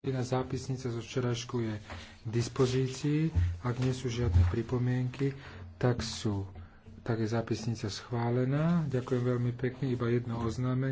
Jedna zápisnica zo včerajšku je k dispozícii. Ak nie sú žiadne pripomienky, tak, sú, tak je zápisnica schválená. Ďakujem veľmi pekne. Iba jedno oznámenie.